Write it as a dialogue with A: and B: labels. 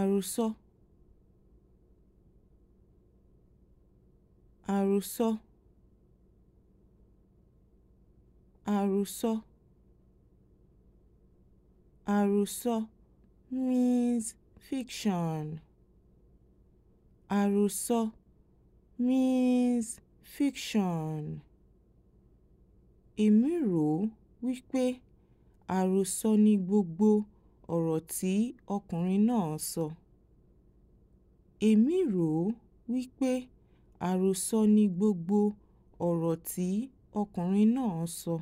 A: àròsọ àròsọ àròsọ àròsọ means fiction àròsọ means fiction èmi rò ó wípé àròsọ ni gbogbo ọ̀rọ̀ tí ọkùnrin náà sọ. Èmi rò ó wípé àròsọ ni gbogbo ọ̀rọ̀ tí ọkùnrin náà sọ.